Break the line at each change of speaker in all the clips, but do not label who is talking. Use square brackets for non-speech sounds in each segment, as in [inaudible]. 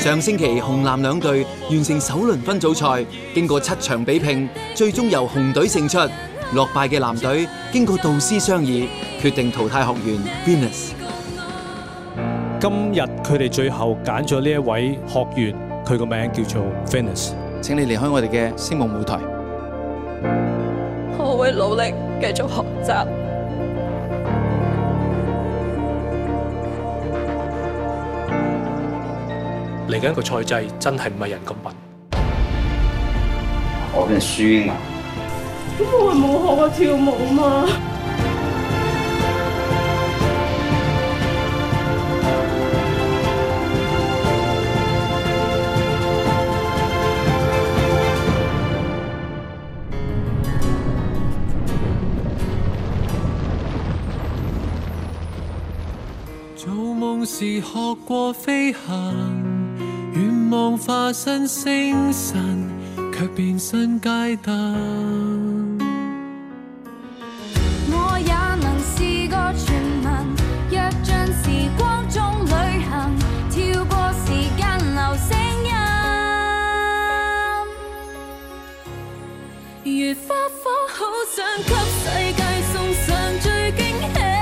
上星期紅藍兩隊完成首輪分組賽，經過七場比拼，最終由紅隊勝出。落敗嘅藍隊經過導師商議，決定淘汰學員 Venus。今日
佢哋最後揀咗呢一位學員，佢個名叫做 Venus。請你離開我
哋嘅聲夢舞台。
我會努力繼續學習。
嚟緊一個賽制真係唔係人咁笨，
我俾人輸啊！
咁我係冇學過跳舞嘛？
做夢時學過
飛行。願望化身星辰，卻變身街燈。
我
也能是個傳聞，若將時光中旅行，跳過時間留聲音。如花火，好想給世界送上最驚喜。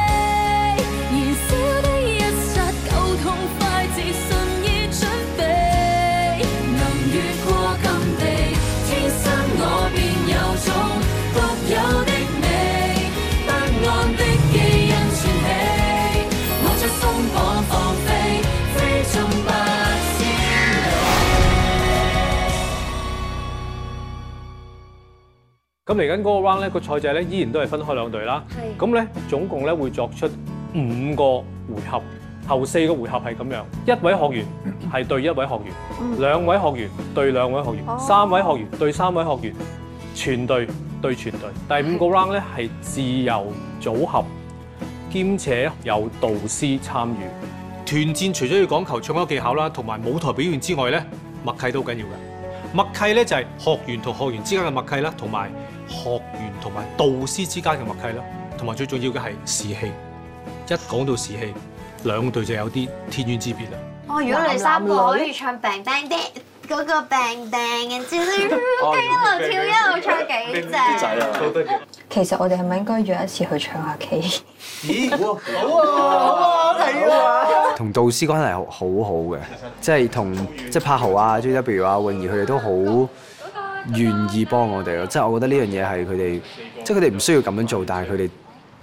咁嚟緊嗰個 round 咧，個賽制咧依然都係分開兩隊啦。咁咧總共咧會作出五個回合，後四個回合係咁樣，一位學員係對一位學員、嗯，兩位學員對兩位學員、哦，三位學員對三位學員，全隊對全隊。第五個 round 咧係自由組合，兼且有導師參與團戰。除咗要講求唱歌技巧啦，同埋舞台表現之外咧，默契都好緊要嘅。默契咧就係學員同學員之間嘅默契啦，同埋。學員同埋導師之間嘅默契啦，同埋最重要嘅係士氣。一講到士氣，兩隊就有啲天淵之別啦。哦，如
果你三個可以唱 bang bang 嗰個 bang bang，
一路跳一路唱幾正。
其實我哋係咪應該約一次去唱
下 K？咦，
好啊，好啊，係啊。同導師關係好好嘅，即係同即係柏豪啊、JW 啊、泳兒佢哋都好。願意幫我哋咯，即係我覺得呢樣嘢係佢哋，即係佢哋唔需要咁樣做，但係佢哋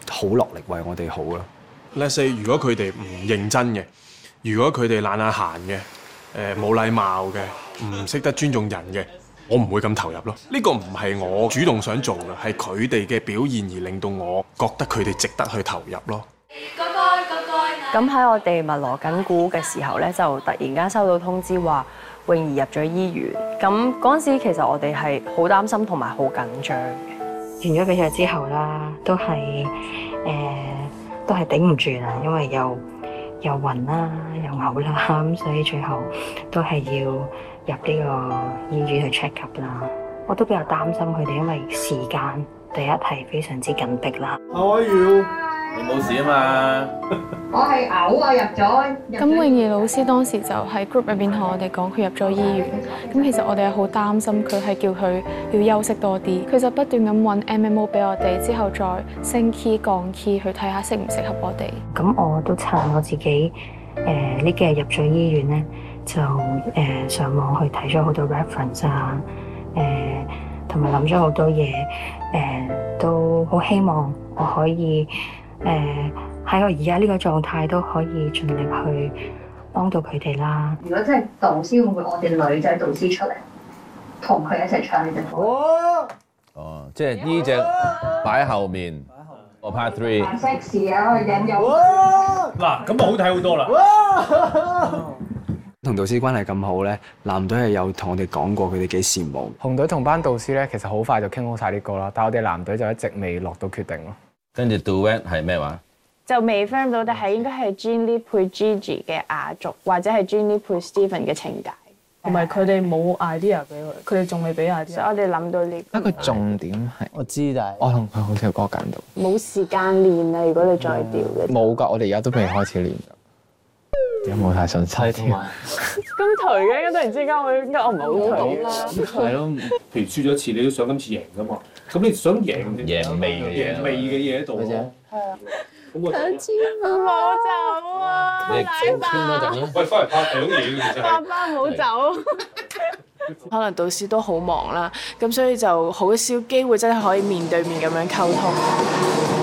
好落力為我哋好咯。
第四，如果佢哋唔認真嘅，如果佢哋懶懶閒嘅，冇禮貌嘅，唔識得尊重人嘅，我唔會咁投入咯。呢個唔係我主動想做嘅，係佢哋嘅表現而令到我覺得佢哋值得去投入咯。
咁喺我哋密鑼緊鼓嘅時候呢，就突然間收到通知話。泳兒入咗醫院，咁嗰陣時其實我哋
係好擔心同埋好緊張嘅。完咗比賽之後啦，都係誒、呃、都係頂唔住啦，因為又又暈啦，又嘔啦，咁所以最後都係要入呢個醫院去 check up 啦。我都比較擔心佢哋，因為時間第一係非常之緊迫啦。
我
要
你冇事啊嘛！ [laughs] 我
係嘔啊入咗。咁泳兒老
師當時就喺 group 入邊同我哋講，佢入咗醫院。咁其實我哋係好擔心，佢係叫佢要休息多啲。佢就不斷咁搵 M M O 俾我哋，之後再升 key 降
key 去睇下適唔適合我哋。咁我都撐我自己誒呢、呃、幾日入咗醫院呢，就誒、呃、上網去睇咗好多 reference 啊，誒同埋諗咗好多嘢，誒、呃、都好希望我可以。誒、呃、喺我而家呢個狀態都可以盡力去幫到佢哋啦。如果真係導師會唔會我哋女仔導
師出嚟同佢一齊唱呢隻歌？哦，即係呢隻擺喺後面。我拍
three。
玩 s e 嗱，
咁就好睇好多啦。
同 [laughs] 導師關係咁好咧，男隊係有同我哋講過佢哋幾羨慕。
紅隊同班導師咧，其實好快就傾好晒啲歌啦，但係我哋男隊就一直未落到決定咯。跟住 duet 係咩話？
就未 firm 到，但係應該係 Ginny 配 Gigi 嘅雅組，或者係 Ginny 配 Stephen 嘅情節，同埋佢哋
冇 idea 俾佢，佢哋仲未俾 idea。
所以我哋諗到呢個。
一個重點係我知，但係我同佢好似有歌揀到。
冇時間練啊！如果你再調
嘅冇㗎，我哋而家都未開始練。有冇太想猜添？
咁頹嘅，一突然之間我會不會，應該我依家我唔係好頹啦。
係咯，
譬 [laughs] 如輸咗一次，你都想今次贏噶嘛？咁你想贏嘅嘢，未嘅嘢，未嘅嘢喺度。係啊。
兩千蚊唔好走啊！禮物。喂，翻嚟翻嚟。爸爸
唔好走，走。就是、爸爸走 [laughs] 可能到時都好忙啦，咁所以就好少機會真係可以面對面咁樣溝通。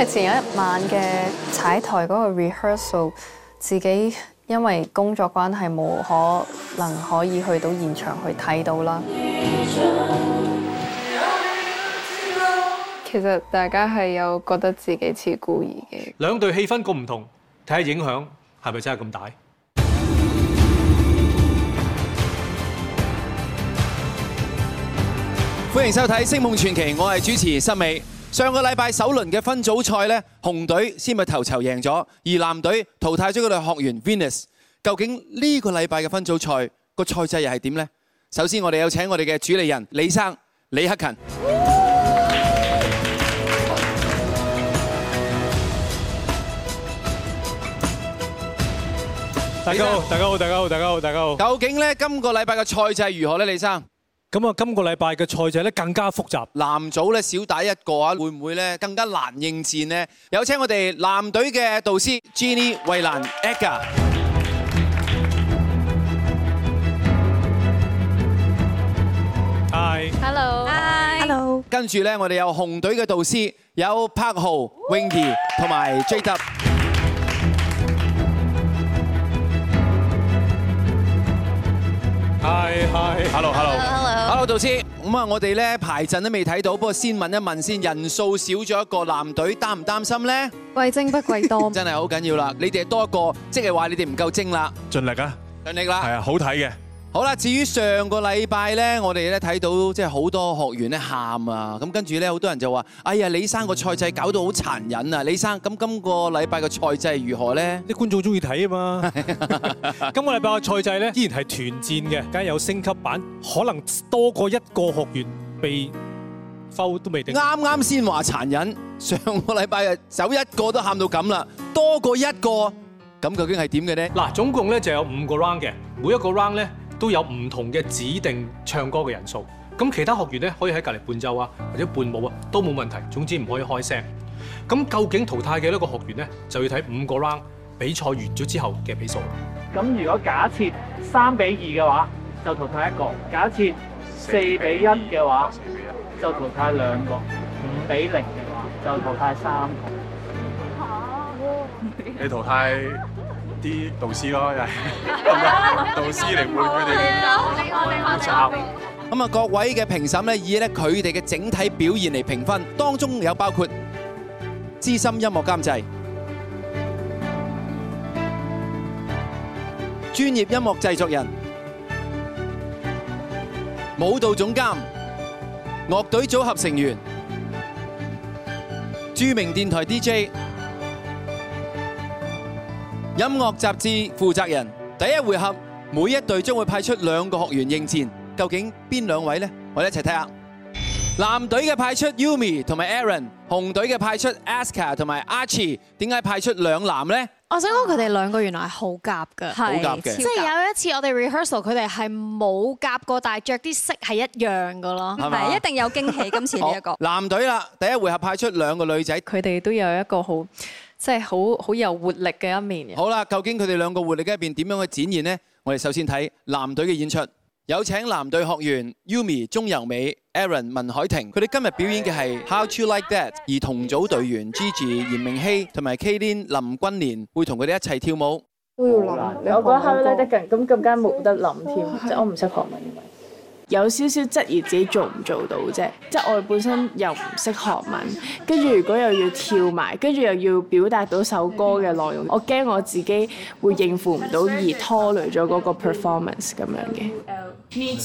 因為前一晚嘅踩台嗰個 rehearsal，自己因為工作關係冇可能可以去到現場去睇到啦。其
實大家係有覺得自己似故意嘅。
兩隊氣氛咁唔同，睇下影響係咪真係咁大？
歡迎收睇《聲夢傳奇》，我係主持森美。上個禮拜首輪嘅分組賽呢，紅隊先拔頭籌贏咗，而藍隊淘汰咗嗰對學員 Venus。究竟呢個禮拜嘅分組賽個賽制又係點呢？首先我哋有請我哋嘅主理人李生李克勤。
大家好，大家好，大家好，大家好，大家好。究竟呢今個禮拜嘅賽制如
何呢？李生？咁啊，今個禮拜嘅賽制咧更加複雜。男組咧少打一個啊，會唔會咧更加難應戰咧？有請我哋藍隊嘅導師 Jenny、衞蘭、AGA。Hi。Hello。
Hi。Hello。
跟住咧，我哋有紅隊嘅導師，有柏豪、Winky 同埋 Jade。Hi。Hi。Hello。Hello。導師，咁啊，我哋咧排陣都未睇到，不過先問一問先，人數少咗一個男隊擔唔擔心咧？貴精不貴多，真係好緊要啦！你哋多一個，即係話你哋唔夠精啦。盡力啊，盡力啦，係啊，好睇嘅。好啦，至於上個禮拜咧，我哋咧睇到即係好多學員咧喊啊，咁跟住咧好多人就話：哎呀，李生個賽制搞到好殘忍啊！李生，咁今個禮拜個賽制如何咧？啲觀
眾中意睇啊嘛！ [laughs] [laughs] 今個禮拜個賽制咧依然係團戰嘅，梗係有升級版，
可能多過一個學員被摟都未定。啱啱先話殘忍，上個禮拜啊，走一個都喊到咁啦，多過一個，咁究竟係點嘅呢？嗱，總共咧就有五個 round 嘅，每一個 round 咧，都有唔同嘅指
定唱歌嘅人數，咁其他學員咧可以喺隔離伴奏啊，或者伴舞啊，都冇問題。總之唔可以開聲。咁究竟淘汰嘅呢個學員咧，就要睇五個 round 比賽完咗之後嘅比數。
咁如果假設三比二嘅話，就淘汰一個；假設四比一嘅話，就淘汰兩個；五比零嘅話，就淘汰三個。 [laughs] 你淘汰。啲導師咯，又係導師嚟會佢哋，要
教。
咁啊，各位嘅評審咧，以咧佢哋嘅整體表現嚟評分，當中有包括資深音樂監製、專業音樂製作人、舞蹈總監、樂隊組合成員、著名電台 DJ。音樂雜誌負責人第一回合，每一隊將會派出兩個學員應戰，究竟邊兩位呢？我哋一齊睇下。藍隊嘅派出 Yumi 同埋 Aaron，紅隊嘅派出 Aska 同埋 Archie，點解派出兩男呢？我想講佢哋
兩個原來係好夾嘅，好夾，即係有一次我哋 rehearsal，佢哋係冇夾過，但係着啲色係一樣嘅咯，
係咪？一定有驚喜今次呢一個。
藍隊啦，第一回合派出兩個女仔，佢哋都有一個好。
即係好好有活力嘅一面。
好啦，究竟佢哋兩個活力嘅一面點樣去展現呢？我哋首先睇藍隊嘅演出，有請藍隊學員 Yumi 鍾柔美、Aaron 文凱婷。佢哋今日表演嘅係 How You Like That，而同組隊員 Gigi 炎明熹同埋 Kaylin 林君蓮會同佢哋一齊跳舞。都
要我覺得 How You Like That 咁更加冇得諗添，即係我唔識韓文。有少少質疑自己做唔做到啫，即係我本身又唔識韓文，跟住如果又要跳埋，跟住又要表達到首歌嘅內容，我驚我自己會應付唔到而拖累咗嗰個 performance 咁樣嘅。因為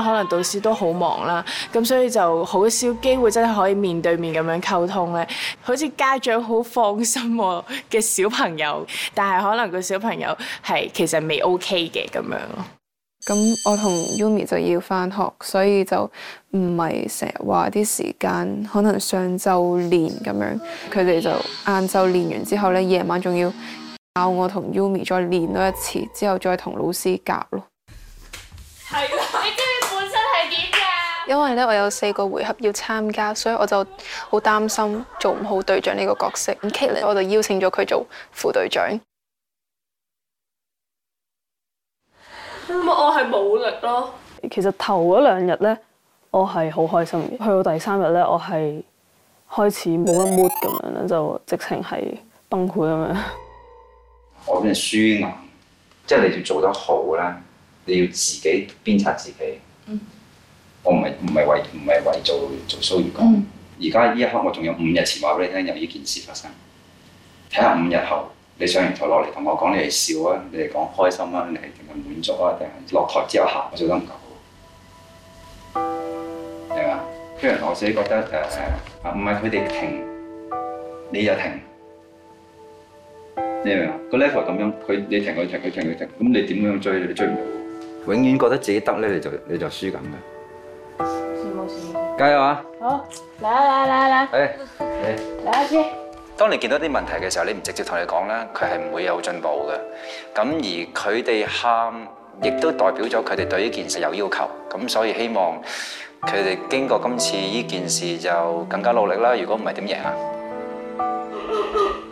可能到時都好忙啦，咁所以就好少機會真係可以面對面咁樣溝通咧。好似家長好放心嘅小朋友，但係可能個小朋友係其實未 OK 嘅咁樣咯。
咁我同 Yumi 就要返學，所以就唔係成日話啲時間，可能上晝練咁樣，佢哋就晏晝練完之後咧，夜晚仲要。教我同 Yumi 再練多一次，之後再同老師夾咯。係啊！你本身係點噶？因為咧我有四個回合要參加，所以我就好擔心做唔好隊長呢個角色。咁 Kelly 我就邀請咗佢做副隊長。
唔，我係冇力咯。其實頭嗰兩日呢，我係好開心嘅。去到第三日呢，我係開始冇乜 mood 咁樣，就直情係崩潰咁樣。
我邊係輸硬，即係你要做得好咧，你要自己鞭策自己。
嗯、
我唔係唔係為唔係為做做 show 而講。而家呢一刻我仲有五日前話俾你聽，有呢件事發生。睇下五日後你上完台落嚟同我講，你哋笑啊，你哋講開心啊，你係定係滿足啊，定係落台之後喊？我做得唔夠好，係嘛？雖然我自己覺得誒，唔係佢哋停，你就停。你明嘛？個 level 咁樣，佢你停佢停佢停佢停，咁你點樣追，你追唔到，永遠覺得自己得咧，你就你就輸緊嘅。冇
事，
冇事，冇
事，加油啊！好，嚟啦嚟啦嚟啦嚟。
誒，嚟。嚟一次。當你見到啲問題嘅時候，你唔直接同你講啦，佢係唔會有進步嘅。咁而佢哋喊，亦都代表咗佢哋對呢件事有要求。咁所以希望佢哋經過今次呢件事就更加努力啦。如果唔係點贏啊？ [laughs]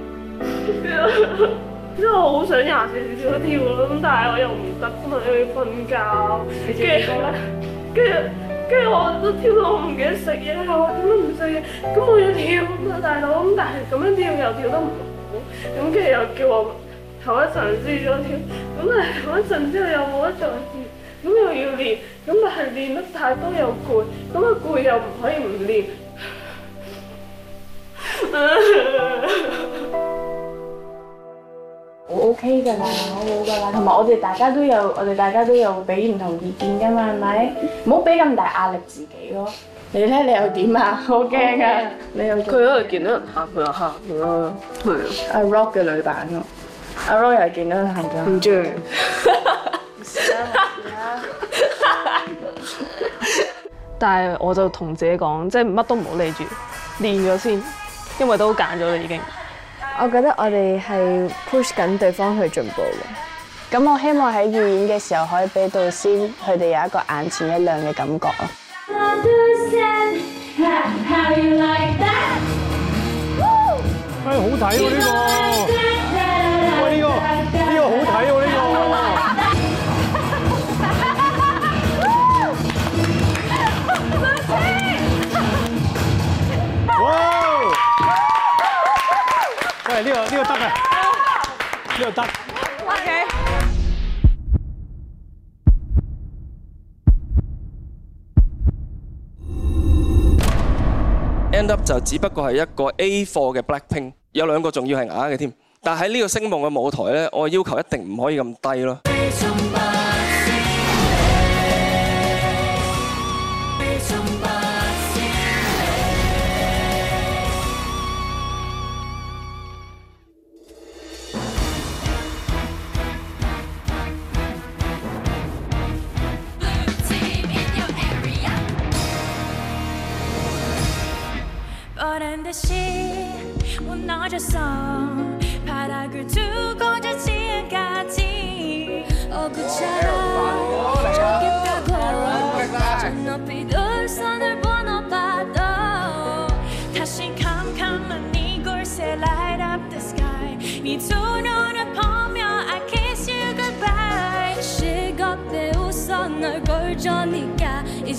因 [laughs] 為我好想廿四小時都跳咯，咁但係我又唔得，咁啊又要瞓覺。跟住咧，跟住跟住我都跳到我唔記得食嘢，我點解唔食嘢？咁我要跳啊大佬，咁但係咁樣跳又跳得唔好，咁跟住又叫我唞一陣先再跳，咁啊唞一陣之後又冇得再跳，咁又要練，咁但係練得太多又攰，咁啊攰又唔可以唔練。 [laughs] 我 OK
噶啦，冇噶啦，同埋我哋大家都有，我哋大家都有俾唔同意見噶嘛，係咪？唔好俾咁大壓力自己咯。你咧，你又點啊？好驚啊！你又佢嗰度見到吓佢啊吓佢咯。係啊。阿 Rock 嘅女版咯。阿 Rock 又
見到吓噶。唔住。但係我就同自己講，即係乜都唔好理住，練咗先，因為都揀咗啦已經。我覺得我哋係 push 緊對方
去進步嘅，咁我希望喺預演嘅時候可以俾到先，佢哋有一個眼前一亮嘅感覺啊！
真
係，好睇喎呢個！
end up 就只不過係一個 A 貨嘅 Blackpink，有兩個仲要係啞嘅添。但喺呢個星夢嘅舞台咧，我要求一定唔可以咁低咯。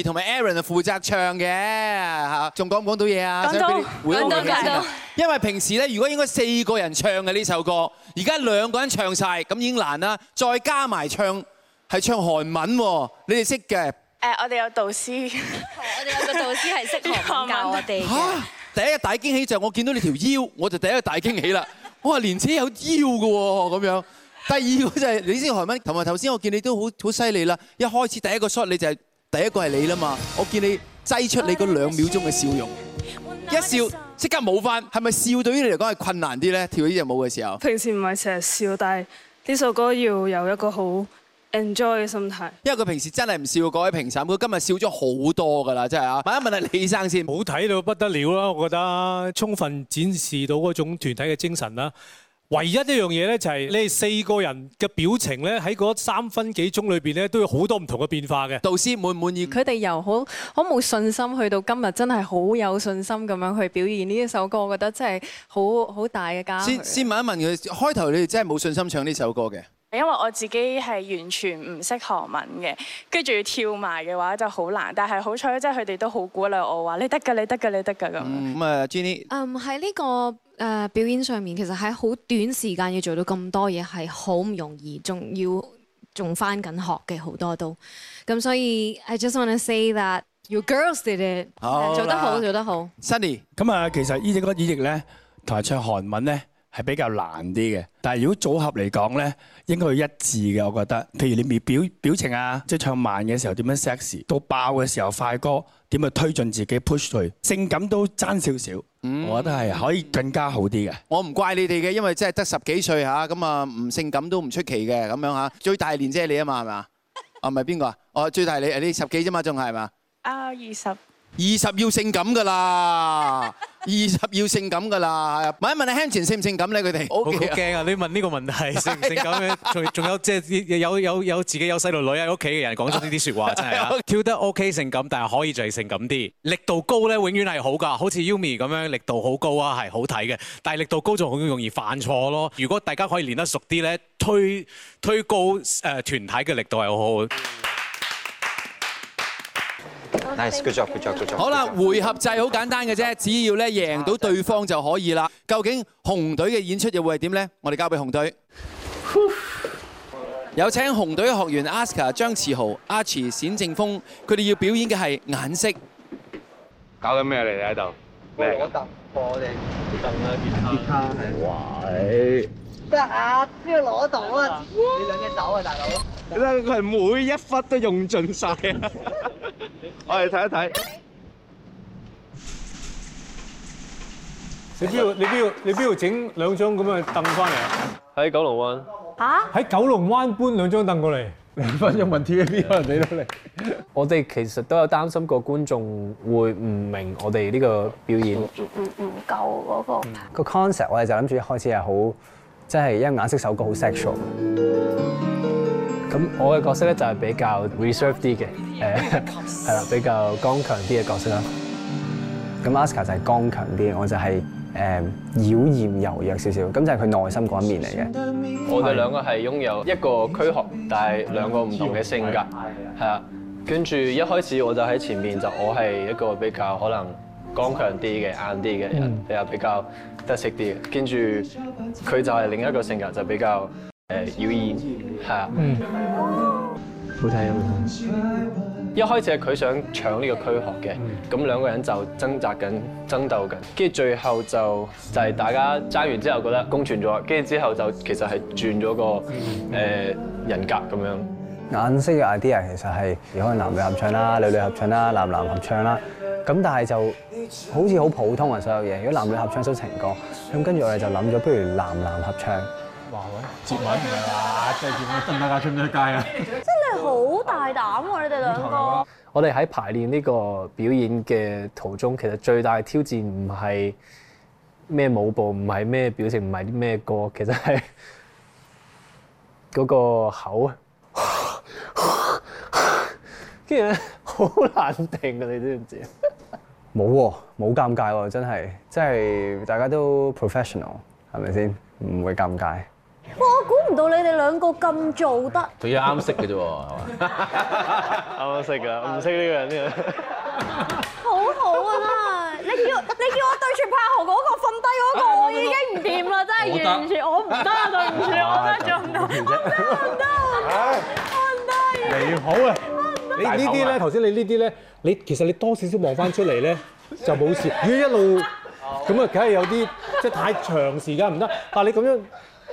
同埋 Aaron 係負責唱嘅嚇，仲講唔講到嘢啊？講到，講到，講到。因為平時咧，如果應該四個人唱嘅呢首歌，而家兩個人唱晒，咁已經難啦。再加埋唱係唱韓文喎，你哋識嘅。誒，我
哋有導師，我哋有個導師係識韓文教我哋嘅。嚇！
第一個大驚喜就係我見到你條腰，我就第一個大驚喜啦。我話年青有腰嘅喎，咁樣。第二個就係、是、你識韓文，同埋頭先我見你都好好犀利啦。一開始第一個 shot 你就係、是。第一個係你啦嘛，我見你擠出你嗰兩秒鐘嘅笑容，一笑即刻冇返，係咪笑對於你嚟講係困難啲咧？跳呢隻舞嘅時候，
平時唔係成日笑，但係呢首歌要有一個好 enjoy 嘅心態。因
為佢平時真係唔笑，各位評審，佢今日笑咗好多噶啦，真係啊！問一問阿李先生先，好
睇到不得了啦，我覺得充分展示到嗰種團體嘅精神啦。唯一一樣嘢咧就係你哋四個人嘅表情咧，喺嗰三分幾鐘裏邊咧，都有好多唔同嘅變化嘅。導師滿唔滿意？
佢哋由好好冇信心去到今日，真係好有信心咁樣去表演呢一首歌，我覺得真係好好大
嘅加。先先
問一問佢，開頭你哋真係冇信心唱呢首歌嘅。
因為我自己係完全唔識韓文嘅，跟住要跳埋嘅話就好難。但係好彩，即係佢哋都好鼓勵我話：你得噶，你得噶，你得噶
咁。咁 Jenny，
嗯，喺呢個誒表演，上面其實喺好短時間要做到咁多嘢，係好唔容易，仲要仲翻緊學嘅好多都。咁所以，I just want to say that your girls did it，做得好，做得好。
Sunny，咁啊，其實呢隻歌演繹咧，同埋唱韓文咧。係比較難啲嘅，但係如果組合嚟講咧，應該要一致嘅，我覺得。譬如你面表表情啊，即係唱慢嘅時候點樣 sexy，到爆嘅時候快歌點去推進自己 push 佢，性感都爭少少，我覺得係可以更加好啲嘅。
我唔怪你哋嘅，因為真係得十幾歲嚇，咁啊唔性感都唔出奇嘅咁樣嚇。最大年紀你啊嘛係嘛？啊唔係邊個啊？哦最大你你十幾啫嘛仲係嘛？
啊二十。
二十要性感噶啦，二十要性感噶啦。問一問阿 Henry 性唔性感咧？佢哋好驚啊！
[laughs] 你問呢個問題，性唔性感？仲 [laughs] 仲有即係有有有自己有細路女喺屋企嘅人講咗呢啲説話真係啊！ [laughs] 跳得 OK 性感，但係可以就係性感啲。力度高咧，永遠係好㗎。好似 Yumi 咁樣，力度很高是好高啊，係好睇嘅。但係力度高就好容易犯錯咯。如果大家可以練得熟啲咧，推推高誒、呃、團體嘅力度係好好。Nice，good job，good job，good job。好啦，回
合制好簡單嘅啫，只要咧贏到對方就可以啦。究竟紅隊嘅演出又會係點咧？我哋交俾紅隊。有請紅隊學員 Aska、張馳豪、阿馳、冼靖峰，佢哋要表演嘅係眼色。搞緊咩嚟？你喺度
咩？我攞凳，我哋凳啊，吉他。
喂。
得阿肖攞凳啊！你兩隻手啊，大
佬。真係佢係每一忽都用盡晒。我哋睇一睇。你邊度？你邊度？你邊度整
兩張咁嘅凳翻嚟啊？喺九龍灣。嚇？喺九龍灣搬兩張凳過嚟？兩分鐘問 TVB 可能俾到你。我哋其實都有擔心過觀眾會唔明我哋呢個表演。唔
唔唔夠
嗰個。個 concept 我哋就諗住一開始係好，即、就、係、是、因為顏色首歌好 sexual 咁我嘅角色咧就係比較 reserved 啲嘅，誒係啦，比較剛強啲嘅角色啦。咁 Aska 就係剛強啲，我就係誒妖艷柔
弱少少，咁就係、是、佢內心嗰一面嚟嘅。
我哋兩個係擁有一個軀殼，但係兩個唔同嘅性格，係啊。跟住一開始我就喺前面，就我係一個比較可能剛強啲嘅硬啲嘅人，比較比較得色啲嘅。跟住佢就係另一個性格，就比較。誒妖艷係啊，好睇音。一開始係佢想搶呢個軀殼嘅，咁兩個人就掙扎緊、爭鬥緊，跟住最後就就係大家揸完之後覺得公存咗，跟住之後就其實係轉咗個誒人格咁樣。
顏色嘅 idea 其實係如果係男女合唱啦、女女合唱啦、男男合唱啦，咁但係就好似好普通啊，所有嘢。如果男女合唱首情歌，咁跟住我哋就諗
咗，不如男男合唱。
接吻呀，
即係接吻，等 [laughs] 大家出唔出街啊？真係好大膽喎！你哋兩個，
我哋喺排練呢個表演嘅途中，其實最大嘅挑戰唔係咩舞步，唔係咩表情，唔係啲咩歌，其實係嗰個口啊，跟住咧好難定嘅，你知唔知？
冇 [laughs] 喎，冇尷尬喎，真係，真係大家都 professional，
係咪先？唔會尷尬。
我估唔到你哋兩個咁做得，
仲要啱識嘅啫喎，係嘛？啱識嘅，唔識呢個人嘅。
好好啊，真係！你要你叫我對住柏豪嗰個瞓低嗰個，我已經唔掂啦，
真係完全我唔得啊！對唔住，我真係
做唔
到不了。我唔得，
我唔得，離譜啊！你，你，你，你，
你這些呢啲咧，頭先你呢啲咧，你其實你多少少望翻出嚟咧就冇事。如 [laughs] 果一路咁啊，梗係有啲即係太長時間唔得。但係你咁樣。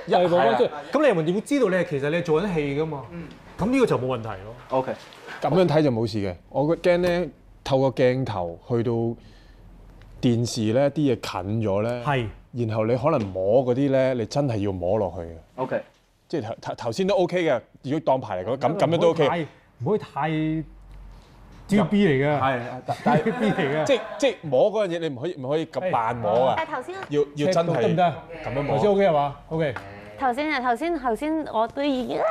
又係冇，即係咁你人民點會知道你係其實你做緊戲噶嘛？咁、嗯、呢個就冇問題咯。OK，咁樣睇就冇事嘅。我個驚咧，透過鏡頭去到電視咧啲嘢近咗咧，係。然後你可能摸嗰啲咧，你真係要摸落去嘅。OK，即係頭頭頭先都 OK 嘅。如果當牌嚟講，咁咁樣都 OK。唔可以太。G B 嚟嘅，係，大 G B 嚟嘅，即係即係摸嗰樣嘢，你唔可以唔可以咁扮摸啊！但係頭先，要要真係咁樣摸。頭先 O K 係嘛？O K。
頭先啊，頭先頭先，我對，啊！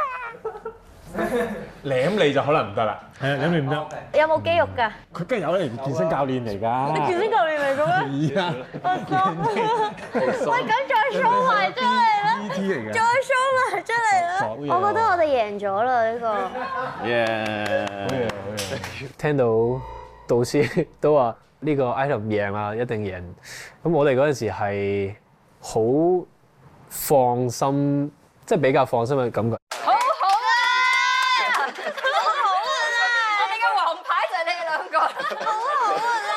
舐
你就可能唔得啦，係啊，舐你唔得。
有冇肌肉㗎？佢梗
係有啲健身教練嚟㗎。你健身教
練咪咁樣？係啊。我做。我咁再 show
埋出嚟啦！再 show 埋。我覺得我哋贏咗啦呢個，
聽到導師都話呢個 item 贏啦，一定贏。咁我哋嗰陣時係好放心，即係比較放心嘅感覺。
好好啊，
好好啊啦！我哋嘅王牌就係你
兩個，好好啊啦！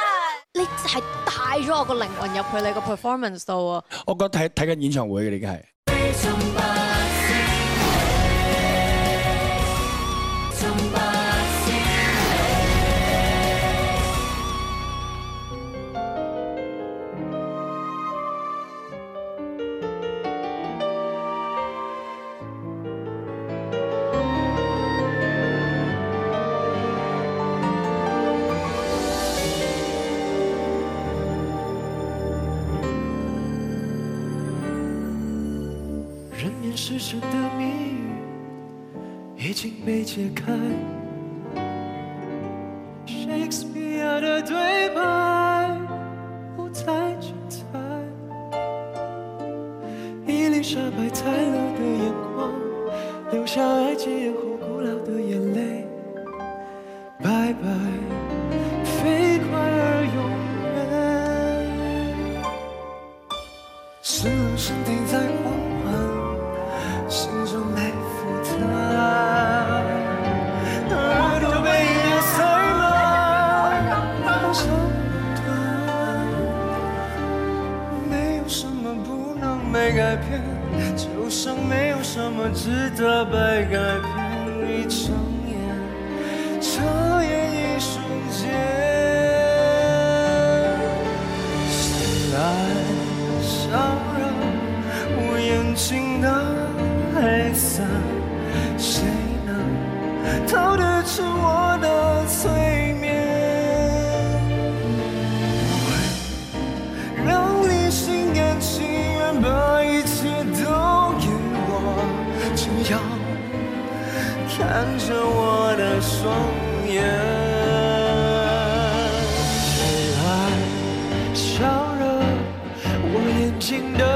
你係帶咗我個靈魂入去你個 performance 度啊！
我覺得睇睇緊演唱會嘅你已經係。
看着我的雙眼，誰來燒熱我眼睛的？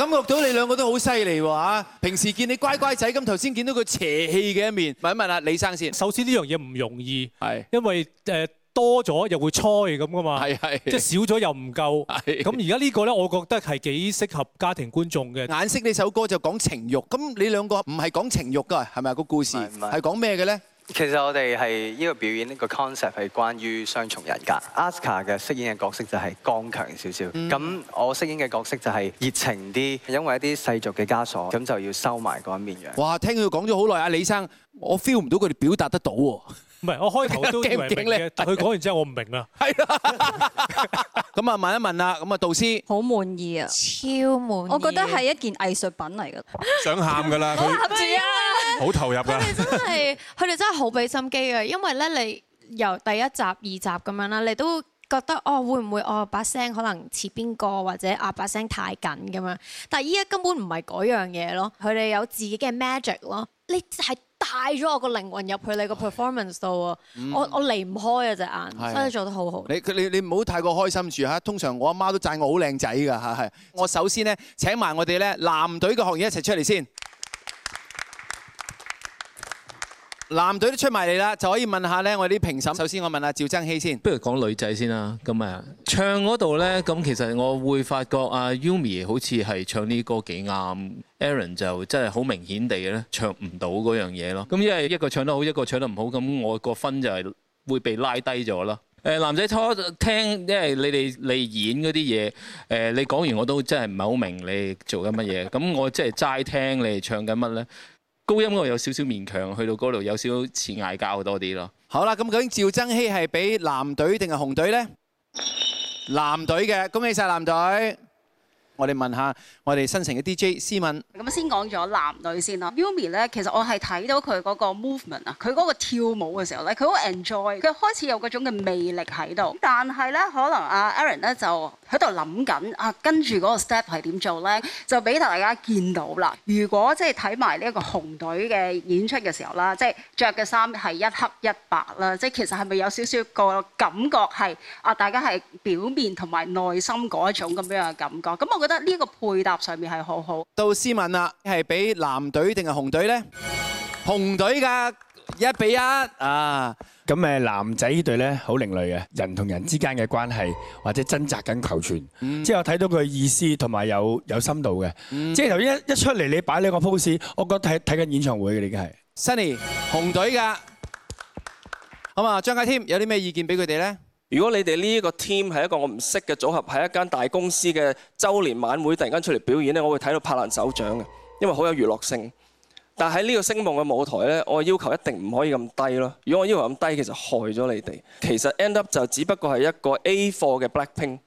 感覺到你兩個都好犀利喎嚇！平時見你乖乖仔咁，頭先見到佢邪氣嘅一面。問一問啦，李生先。首先呢樣嘢唔容易，因為
多咗又會猜咁噶嘛，係係係，即係少咗又唔夠。咁而家呢個呢，我覺
得係幾適合家庭觀眾嘅。眼色呢首歌就講情慾，咁你兩個唔係講情慾㗎，係咪？個故事係講咩嘅呢？
其實我哋係呢個表演，呢個 concept 係關於雙重人格。Aska 嘅飾演嘅角色就係剛強少少，咁我飾演嘅角色就係熱情啲，因為一啲世俗嘅枷鎖，咁就要收埋嗰一面嘅。
哇！聽佢講咗好耐，啊，李生，我 feel 唔到佢哋表達得到。
唔係，我開頭都認為明嘅，
但佢講完之後我唔明啦。係啦。咁啊問一問啦，咁啊導師。好滿意啊！
超滿意。我
覺得係
一
件藝術品嚟嘅。
想喊噶啦。我
壓
住
啊！好投入啊！佢哋真
係，佢哋真係好俾心機嘅，因為咧你由第一集、二集咁樣啦，你都覺得哦會唔會哦把聲可能似邊個，或者啊把聲太緊咁樣。但係依家根本唔係嗰樣嘢咯，佢哋有自己嘅 magic 咯。你係、就是。帶咗我個靈魂入去你個 performance 度啊！我我離唔開啊隻眼，真係做得好好。你
你你唔好太過開心住嚇。通常我阿媽都讚我好靚仔㗎，嚇係。我首先咧請埋我哋咧男隊嘅學員一齊出嚟先。男隊都出埋嚟啦，就可以問下咧我啲評審。首先我問下趙增熙先，不如講女仔先啦。咁啊，唱嗰度咧，咁其實我會發覺阿 Yumi 好似係唱呢歌幾啱，Aaron 就真係好明顯地咧唱唔到嗰樣嘢咯。咁因為一個唱得好，一個唱得唔好，咁我個分就係會被拉低咗咯。誒男仔初聽，因為你哋你演嗰啲嘢，誒你講完我都真係唔係好明你做緊乜嘢。咁 [laughs] 我即係齋聽你哋唱緊乜咧？高音我有少少勉強，去到嗰度有少少似嗌交多啲咯。好啦，咁究竟趙增熹係畀藍隊定係紅隊咧？藍隊嘅，恭喜晒藍隊！我哋問下我哋新城嘅 DJ 思敏。
咁先講咗藍隊先啦。Yumi 咧，其實我係睇到佢嗰個 movement 啊，佢嗰個跳舞嘅時候咧，佢好 enjoy，佢開始有嗰種嘅魅力喺度。但係咧，可能阿 Aaron 咧就～喺度諗緊啊，跟住嗰個 step 係點做咧？就俾大家見到啦。如果即係睇埋呢一個紅隊嘅演出嘅時候啦，即係著嘅衫係一黑一白啦，即係其實係咪有少少個感覺係啊？大家係表面同埋內心嗰一種咁樣嘅感覺。
咁我覺得呢一個配搭上面係好好。到斯敏啦，係俾藍隊定係紅隊咧？
紅隊㗎，一比一啊！咁誒男仔呢隊咧，好另類嘅，人同人之間嘅關係或者掙扎緊求存，即係我睇到佢意思同埋有有深度嘅，即係頭先一一出嚟你擺呢個 pose，我覺得睇睇緊演唱會嘅你已經係。
Sunny 紅隊嘅，好嘛？張家添有啲咩意見俾佢哋咧？如果你哋呢一個 team 係一個我唔識嘅組合，喺一間大公司嘅週年晚會突然間出嚟表演咧，我會睇到拍爛手掌嘅，因為好有娛樂性。但喺呢個星夢嘅舞台呢，我要求一定唔可以咁低咯。如果我要求咁低，其實害咗你哋。其實 end up 就只不過係一個 A 貨嘅 black pink。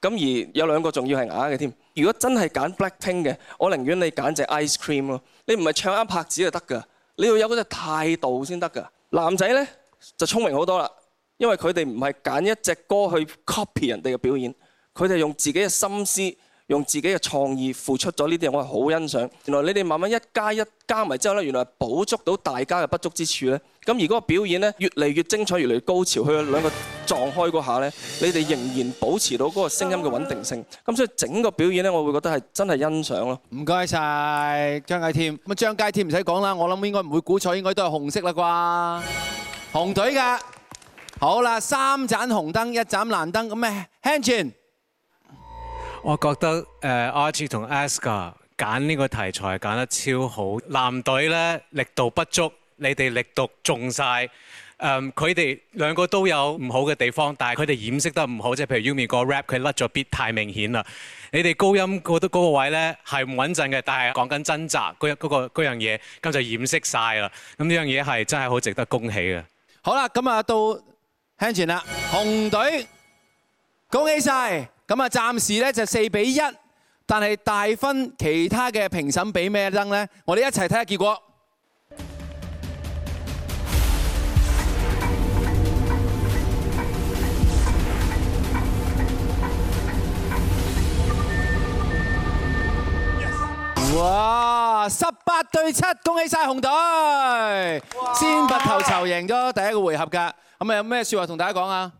咁而有兩個仲要係啞嘅添。如果真係揀 black pink 嘅，我寧願你揀隻 ice cream 咯。你唔係唱啱拍子就得㗎，你要有嗰隻態度先得㗎。男仔呢，就聰明好多啦，因為佢哋唔係揀一隻歌去 copy 人哋嘅表演，佢哋用自己嘅心思。用自己嘅創意付出咗呢啲嘢，我係好欣賞。原來你哋慢慢一加一加埋之後咧，原來補足到大家嘅不足之處咧。咁而嗰個表演咧，越嚟越精彩，越嚟越高潮。佢兩個撞開嗰下咧，你哋仍然保持到嗰個聲音嘅穩定性。咁所以整
個表演咧，我會覺得係真係欣賞咯。唔該晒張佳添。咁啊張佳添唔使講啦，我諗應該唔會估錯，應該都係紅色啦啩，紅隊㗎。好啦，三盞紅燈，一盞藍燈，咁咩？向前！
我覺得誒，Archie 同 Aska 揀呢個題材揀得超好。藍隊咧力度不足，你哋力度仲晒。誒，佢哋兩個都有唔好嘅地方，但係佢哋掩飾得唔好，即係譬如 Yumi 個 rap 佢甩咗 beat 太明顯啦。你哋高音嗰度嗰個位咧係唔穩陣嘅，但係講緊掙扎嗰嗰、嗰個樣嘢，咁就掩飾晒啦。咁呢樣嘢係真係好值得恭喜嘅。
好啦，咁啊到向前啦，紅隊恭喜晒！咁啊，暫時咧就四比一，但係大分其他嘅評審俾咩燈咧？我哋一齊睇下結果。哇！十八對七，恭喜晒紅隊，先拔頭籌，贏咗第一個回合㗎。咁啊，有咩説話同大家講啊？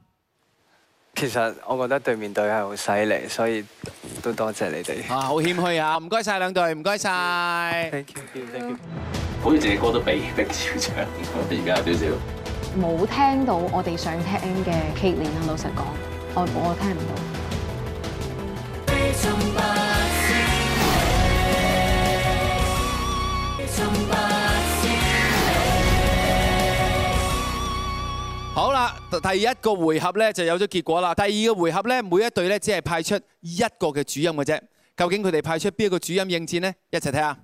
其實我覺得對面隊係好犀利，所以都多謝你哋。
啊，好謙虛啊！ [laughs] 唔該晒兩隊，唔該晒。Thank you,
thank you。好似自己歌都被迫跳唱，而家有少
少。冇聽到我哋想
聽嘅君蓮啊！老實講，我我聽唔到。
好啦，第一個回合咧，就有咗結果啦。第二個回合咧，每一隊咧只係派出一個嘅主音嘅啫。究竟佢哋派出邊一個主音應戰呢？一齊睇下。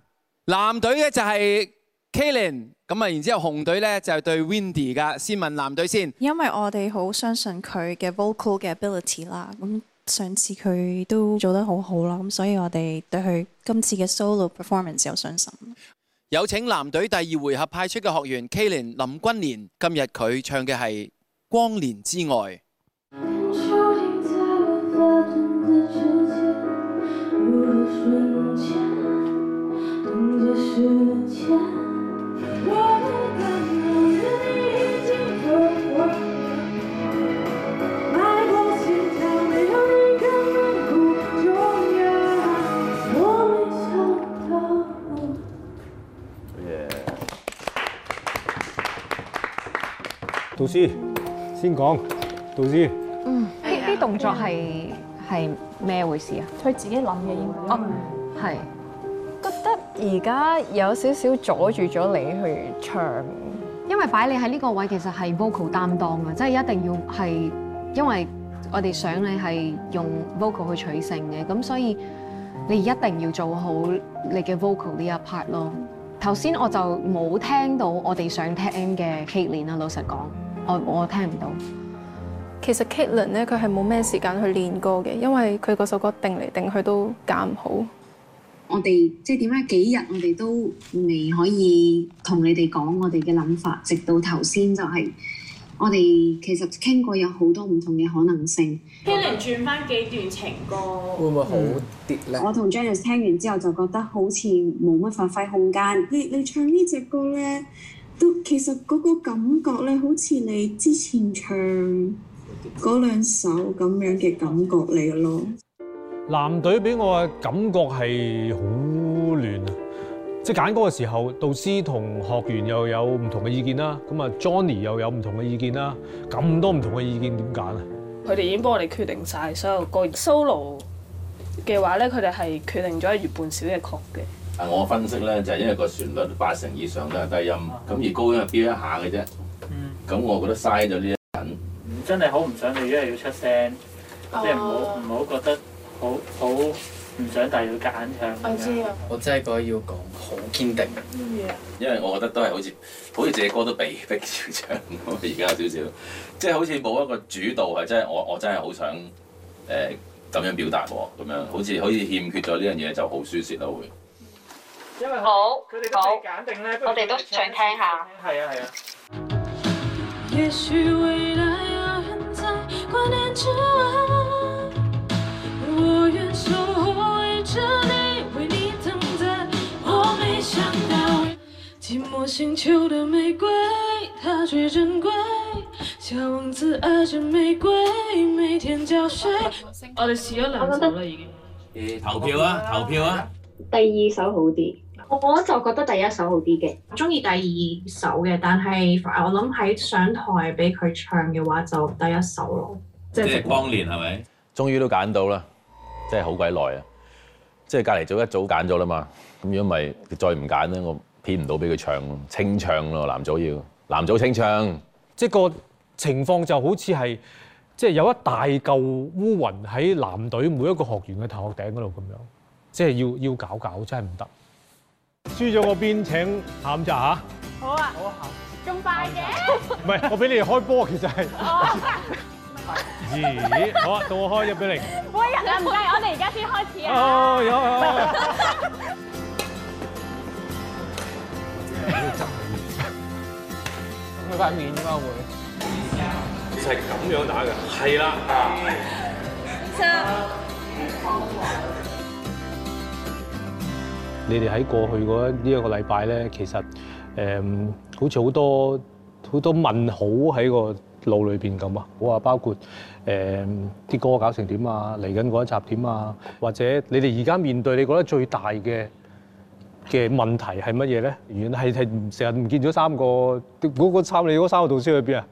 藍隊咧就係 Kalin，咁啊，然之後紅隊咧就係對 Windy 噶。先問藍隊先。因為我哋
好相信佢嘅 vocal 嘅 ability 啦，咁上次佢都做得好好啦，咁所以我哋對佢今次嘅 solo performance 有信心。
有請藍隊第二回合派出嘅學員 K 連林君蓮，今日佢唱嘅係《光年之外》。
導師先講，導師，
嗯，啲啲動作係係咩回事啊？佢自己諗嘅應，
哦，係覺得而家有少少阻住咗
你去唱，因為擺你喺呢個位其實係 vocal 擔當啊，即係一定要係，因為我哋想你係用 vocal 去取勝嘅，咁所以你一定要做好你嘅 vocal 呢一 part 咯。頭先我就冇聽到我哋想聽嘅 hit line 啊，老實講。我我聽唔到。其實君蓮咧，佢係冇咩時間去練歌嘅，因為佢嗰首歌定嚟定去都揀唔好。我哋即係點解幾日我哋都未可以同你哋講我哋嘅諗法，直到頭先就係，我哋其實傾過有好多唔同嘅可能性。
君蓮轉翻幾段情歌，會唔會好啲咧？我
同 Janice 聽完之後就覺得好似冇乜發揮空間。你你唱呢隻
歌咧？都其實嗰個感覺咧，好似你之前唱嗰
兩首咁樣嘅感覺嚟嘅咯。男隊俾我嘅感覺係好亂啊！即係揀歌嘅時候，導師同學員又有唔同嘅意見啦。咁啊，Johnny 又有唔同嘅意見啦。咁多唔同嘅意見點揀啊？
佢哋已經幫我哋決定晒所有個 solo 嘅話咧，佢哋係決定咗一月半小嘅曲嘅。
啊！我分析咧就係、是、因為個旋律八成以上都係低音，咁而高音係飆一下嘅啫。嗯。咁我覺得嘥咗呢一陣、嗯。真係好唔想你，你因為要出聲，即係唔好唔好覺得好好唔想，但係要夾硬唱的我，我真係覺得要講好堅定、嗯。因為我覺得都係好似好似自己歌都被逼要唱，而家少少，即、就、係、是、好似冇
一個主導係真係我我真係好想誒咁、呃、樣表達喎，咁樣好似好似欠缺咗呢樣嘢就好輸蝕咯會。
因為他們都好，好，我哋都
想聽下。係啊，係啊。也許未來遙遠在光年之外，我願守候未知裡為你等待。我沒想到，寂
寞星球的玫瑰，它最珍貴。小王子愛、啊、着玫瑰，每天澆水。我哋試咗兩首啦，已、啊、經。
投票啊，投票啊。
第二首好啲。我就覺得第一首好啲嘅，
中意第二首嘅，但係我諗喺上台俾佢
唱嘅話，就第一
首咯。即係光年係咪？終、嗯、於都揀到啦，真係好鬼耐啊！即係隔離組一早揀咗啦嘛，咁如果咪再唔揀咧，我編唔到俾佢唱。清唱咯，男組要，男組清唱。即係個情況就好似係即係有一大嚿烏雲喺男隊每一個學員嘅頭殼頂嗰度咁樣，即係要要搞搞，真係唔得。輸咗個邊，請喊咋
吓？好啊，好啊，咁快嘅？
唔係，我俾你開波，其實係。咦，好啊，到我開一比零。
冇人啊，
唔計，我哋而
家先開
始。哦，有
有有。選擇。佢塊面點解
會？就係咁樣打嘅，係啦啊。 [laughs] [laughs] [laughs] [laughs] [laughs]
你哋喺過去嗰呢一個禮拜咧，其實誒好似好多好多問號喺個腦裏邊咁啊！我話包括誒啲歌搞成點啊，嚟緊嗰一集點啊，或者你哋而家面對你覺得最大嘅嘅問題係乜嘢咧？原係係成日唔見咗三個，嗰、嗰個三你嗰三個導師去邊啊？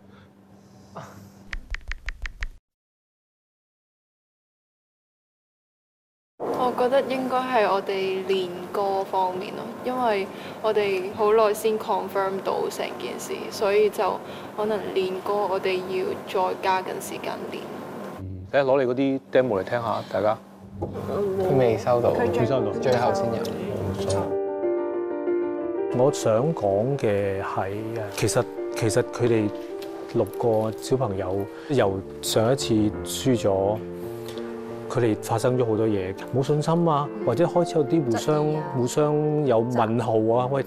應該係我哋練歌方面咯，因為我哋好耐先 confirm 到成件事，所以就可能練歌，我哋要再加
緊時間練。
誒，攞你嗰啲 demo 嚟聽下，大家。
未
收到，未收到，最後先有。
我想講嘅係，其實其實佢哋六個小朋友由上一次輸咗。佢哋發生咗好多嘢，冇信心啊，或者開始有啲互相、互相有問號啊，喂，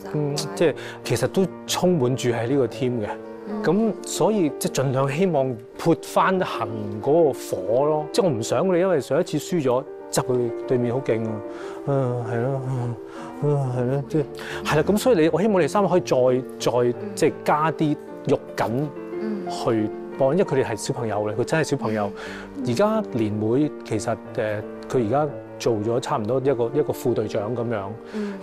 即係其實都充滿住喺呢個 team 嘅。咁所以即係盡量希望撥返行嗰個火咯。即係我唔想你，因為上一次輸咗，執佢對面好勁啊。嗯，係咯，嗯，係咯，即係。係啦，咁所以你我希望你哋三個可以再再即係加啲肉緊去。因為佢哋係小朋友咧，佢真係小朋友。而家年會其實誒，佢而家做咗差唔多一個一個副隊長咁樣。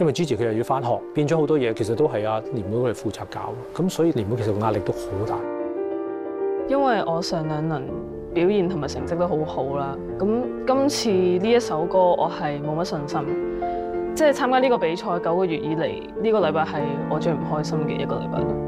因為 Gigi 佢又要翻學，變咗好多嘢。其實都係啊，年會佢哋負責搞，咁所以年會其實個壓力都好大。
因為我上兩輪表現同埋成績都好好啦。咁今次呢一首歌我係冇乜信心。即係參加呢個比賽九個月以嚟，呢個禮拜係我最唔開心嘅一個禮拜。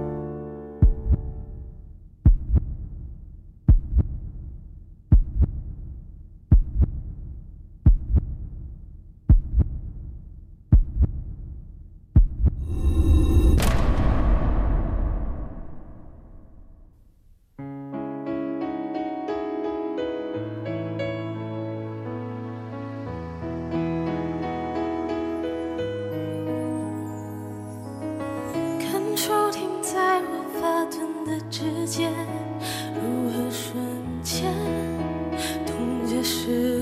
停在我髮端的指尖，如何瞬間凍結時間？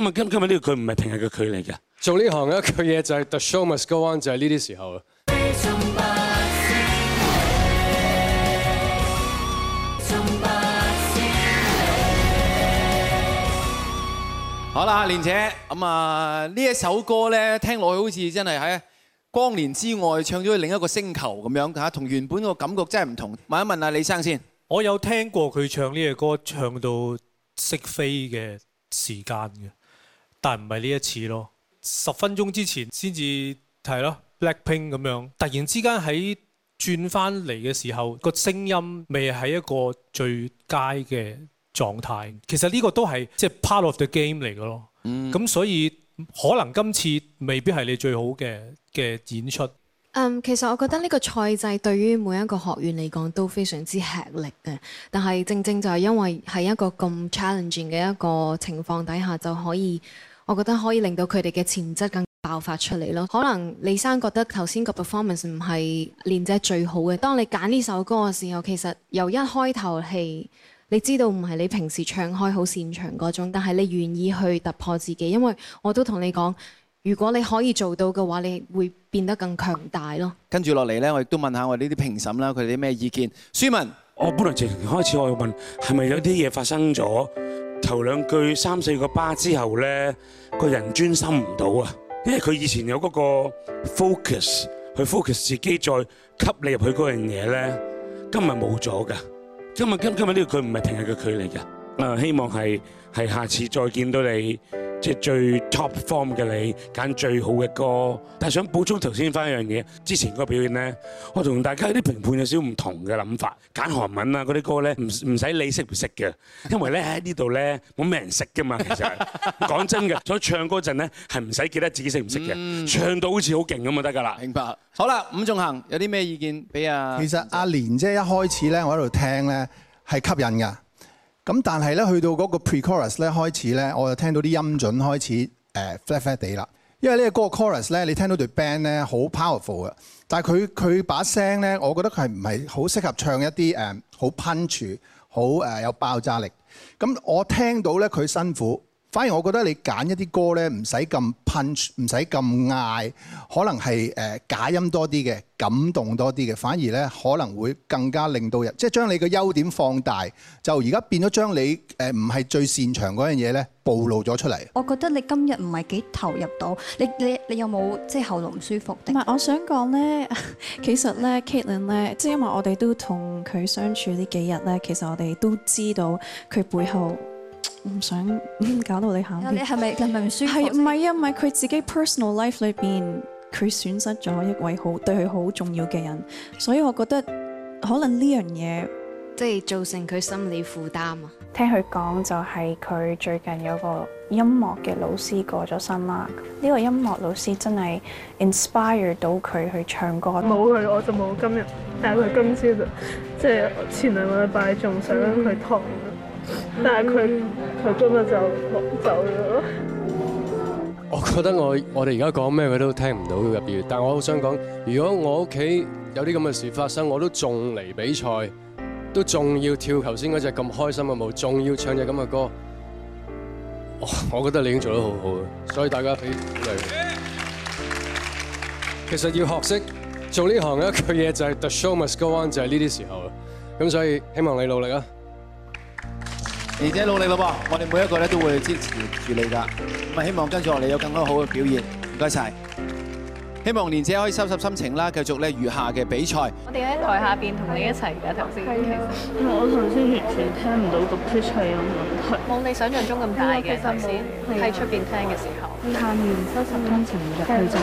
咁今日呢個佢唔係平日嘅佢嚟嘅。做呢行嘅一句嘢就係、是、The show must go on，就係呢啲時候。
好啦，連姐，咁啊呢一首歌咧，聽落去好似真係喺光年之外唱咗去另一個星球咁樣嚇，同原本個感覺真係唔同。問一問阿李生先。我有聽過佢唱呢個歌，唱
到識飛嘅時間嘅。但唔係呢一次咯，十分鐘之前先至係咯 black pink 咁樣，突然之間喺轉翻嚟嘅時候，個聲音未係一個最佳嘅狀態。其實呢個都係即係 part of the game 嚟嘅咯。嗯，咁所以可能今次未必係你最好嘅嘅演出。
嗯，其實我覺得呢個賽制對於每一個學員嚟講都非常之吃力嘅，但係正正就係因為喺一個咁 challenging 嘅一個情況底下就可以。我覺得可以令到佢哋嘅潛質更爆發出嚟咯。可能李生覺得頭先個 performance 唔係蓮姐最好嘅。當你揀呢首歌嘅時候，其實由一開頭係你知道唔係你平時唱開好擅長嗰種，但係你願意去突破自己，因為我都同你講，如果你可以做到嘅話，你會變得更強大咯。
跟住落嚟呢，我亦都問下我哋呢啲評審啦，佢哋啲咩意見？舒文，我本來前開始我要問，係咪有啲嘢發生咗？頭兩句三四個巴之後咧，個人專心唔到
啊！因為佢以前有嗰個 focus，去 focus 自己再吸你入去嗰樣嘢咧，今日冇咗噶。今日今今日呢個佢唔係平日嘅佢嚟㗎。希望係係下次再見到你，即係最 top form 嘅你，揀最好嘅歌。但係想補充頭先返一樣嘢，之前個表演咧，我同大家啲評判有少唔同嘅諗法，揀韓文啊嗰啲歌咧，唔唔使你識唔識嘅，因
為咧喺呢度咧冇咩人識噶嘛。其實講真嘅，所以唱嗰陣咧係唔使記得自己識唔識嘅，唱到好似好勁咁就得噶啦。明白。好啦，伍仲衡，有啲咩意見俾啊？其實
阿蓮姐一開始咧，我喺度聽咧係吸引噶。咁但係咧，去到嗰個 pre-chorus 咧，開始咧，我就聽到啲音準開始 flat flat 地啦。因為呢個 chorus 咧，你聽到對 band 咧好 powerful 啊，但係佢佢把聲咧，我覺得佢係唔係好適合唱一啲好 punch 好有爆炸力。咁我聽到咧佢辛苦。反而我覺得你揀一啲歌咧，唔使咁噴，唔使咁嗌，可能係誒假音多啲嘅，感動多啲嘅，反而咧可能會更加令到人，即係將你嘅優點放大。就而家變咗將你誒唔係最擅長嗰樣嘢咧，暴露咗出嚟。
我覺得你今日唔係幾投入到，你你你有冇即係喉嚨唔舒服？唔係，我想講咧，其實咧，Kaitlyn 咧，即係因為我哋都同佢相處呢幾日咧，其實我哋都知道佢背後。唔想搞到你喊。你係咪係咪唔舒服？係唔係啊？唔係佢自己 personal life 裏邊，佢損失咗一位好對佢好重要嘅人，所以我覺得可能呢樣嘢即係造成佢心理負擔啊。聽佢講就係佢最近有個音樂嘅老師過咗身啦，呢個
音樂老師真係 inspire 到佢去唱歌。冇佢我就冇今日，但係佢今朝就即係前兩個禮拜仲上佢堂。
但係佢，佢今日就走咗。我覺得我我哋而家講咩佢都聽唔到入邊，但係我好想講，如果我屋企有啲咁嘅事發生我來，我都仲嚟比賽，都仲要跳頭先嗰隻咁開心嘅舞，仲要唱隻咁嘅歌。我我覺得你已經做得好好，所以大家俾鼓勵。其實要學識做呢行嘅一個嘢就係，the show must go on 就係呢啲時候，咁所以希望你努力啊！蓮姐努力咯噃，我哋每一個咧都會支持住你㗎。咁啊，希望跟住落嚟有更加好嘅表
現。唔該晒，希望蓮姐可以收拾心情啦，繼續咧餘下嘅比賽。我
哋喺台下邊同你一
齊嘅，頭先，其實我頭先完全聽唔到個 Pitch 係有
問題，冇
你想象中咁大嘅音線，喺出邊聽嘅時候。下完收拾心情，繼續。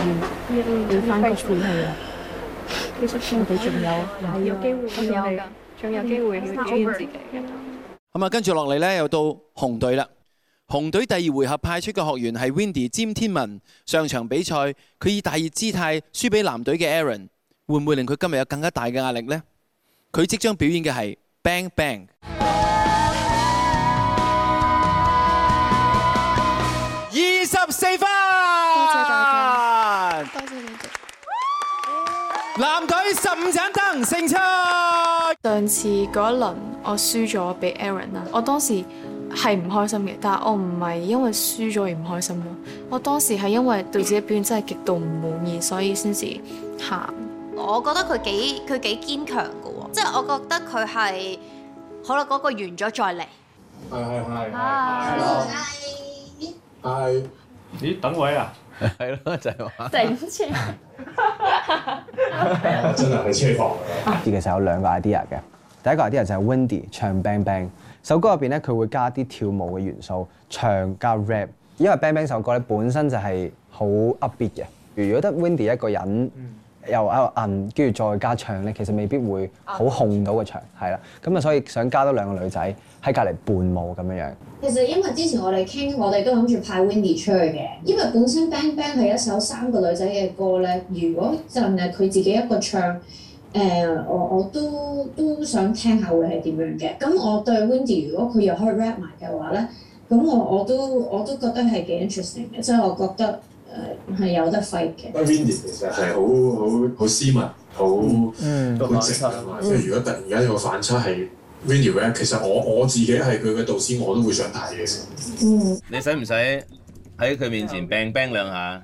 嗯。要翻個負氣啦。其實我哋仲有，仲有機會，仲
有機會去表現自己嘅。
咁啊，跟住落嚟咧，又到紅隊啦。紅隊第二回合派出嘅學員係 Windy 詹天文。上場比賽佢以大熱姿態輸俾藍隊嘅 Aaron，會唔會令佢今日有更加大嘅壓力呢？佢即將表演嘅係 Bang Bang。十五盞燈
勝出。上次嗰一輪我輸咗俾 Aaron 啦，我當時係唔開心嘅，但係我唔係因為輸咗而唔開心咯。我當時係因為對自己表現真係極度唔滿意，所以先至喊。
我覺得佢幾佢幾堅強噶，即係我覺得佢係好啦，嗰個完咗再嚟。
係
係
係係。咦？等位啊！
係
[laughs] 咯，就係話整車，真係去車房。而其實有兩個 idea 嘅，第一個 idea 就係 Wendy 唱 Bang Bang 首歌入邊咧，佢會加啲跳舞嘅元素，唱加 rap。因為 Bang Bang 首歌咧本身就係好 upbeat 嘅，如果得 Wendy 一個人又喺度摁，跟、嗯、住再加唱咧，其實未必會好控到個場，係啦。咁啊，所以想加多兩個女仔喺隔籬伴舞咁樣樣。
其實因為之前我哋傾，我哋都諗住派 Wendy 出去嘅，因為本身 Bang Bang 係一首三個女仔嘅歌咧，如果就係佢自己一個唱，呃、我我都都想聽下會係點樣嘅。咁我對 Wendy，如果佢又可以 rap 埋嘅話咧，咁我我都我都覺得係幾 interesting 嘅，即係我覺得係、呃、有得 fight 嘅。不過 Wendy 其實係好好好斯文，好好嘅嘛，
即、嗯、係如果突然間有個反差係。Winny 其實我我自己係佢嘅導師，我都會想睇嘅。你使唔使喺佢面前 bang bang 兩下？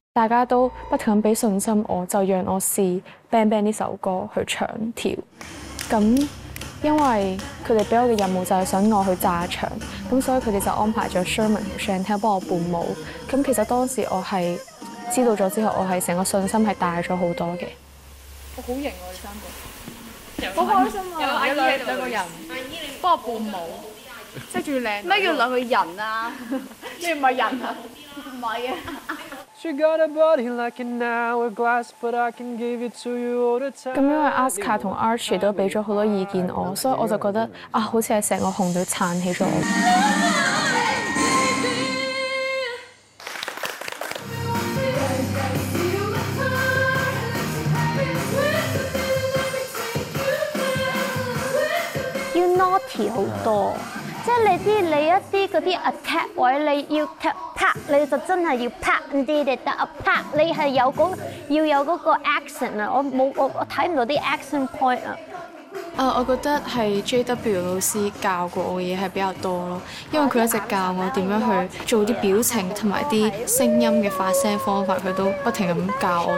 大家都不停咁俾信心，我就讓我試 Bang Bang 呢首歌去唱跳。咁因為佢哋俾我嘅任務就係想我去炸場，咁所以佢哋就安排咗 Sherman 同 Shantel 幫我伴舞。咁其實當時我係知道咗之後，我係成個信心係大咗好多嘅。我好型，我哋三個好開心啊！有兩個人幫我伴舞，即最靚。咩叫兩個人啊？咩唔係人啊？唔係啊！ [laughs] [laughs] [laughs]
咁因為
Aska 同 Archie 都俾咗好多意見我、嗯，所以我就覺得、嗯、啊，好似係成個紅隊撐起咗我。要
naughty 好、yeah. 多。即係你知，你一啲嗰啲 attack 位，你要劇拍，你就真係要拍唔知哋，但拍你係有嗰、那個、要有嗰個 accent 啊！我冇我我睇唔到啲 accent
point 啊！啊、uh，我覺得係 JW 老師教過我嘅嘢係比較多咯，因為佢一直教我點樣去做啲表情同埋啲聲音嘅發聲方法，佢都不停咁教我。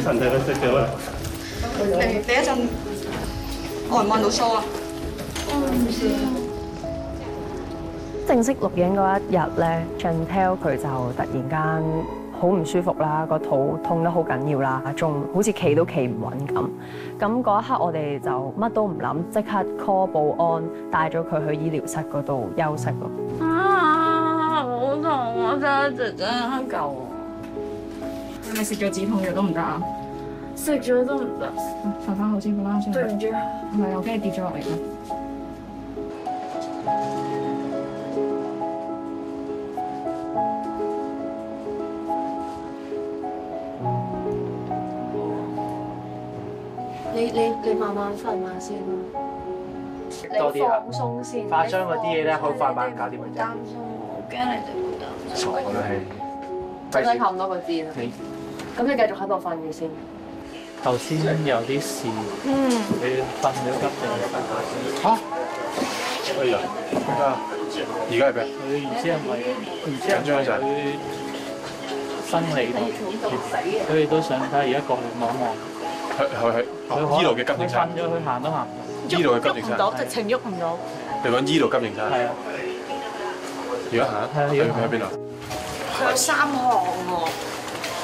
突
然間佢就覺得，誒，戴住件耳麥。正式錄影嗰一日咧，Chantel 佢就突然間好唔舒服啦，個肚痛得好緊要啦，仲好似企都企唔穩咁。咁嗰一刻我哋就乜都唔諗，即刻 call 保安，帶咗佢去醫療室嗰度休息咯。啊！好
痛啊！真係真係好痛係咪食咗止痛藥都唔得啊？食咗都唔得。
瞓翻好先，瞓翻好先。對
唔住，唔係我驚你跌咗落嚟。你你你慢慢瞓
下先啦。食多啲放鬆先。化妝嗰啲嘢咧，好快班搞掂。擔心，驚你哋跌唔得。錯啦，
係。使唔使咁多個字啊？咁你
繼續喺度瞓住先。頭先有啲事，嗯，你瞓咗急症。嚇？佢而家而家係咩？佢唔知係
咪
緊張啊？佢生理都佢都想睇，而家過嚟望一望。係係係，呢度嘅急症。瞓咗，佢行都行唔到。喐唔到，直情喐唔到。你講呢度急症室啊？係啊。而家行？係啊。而家喺邊啊？
佢有三項喎。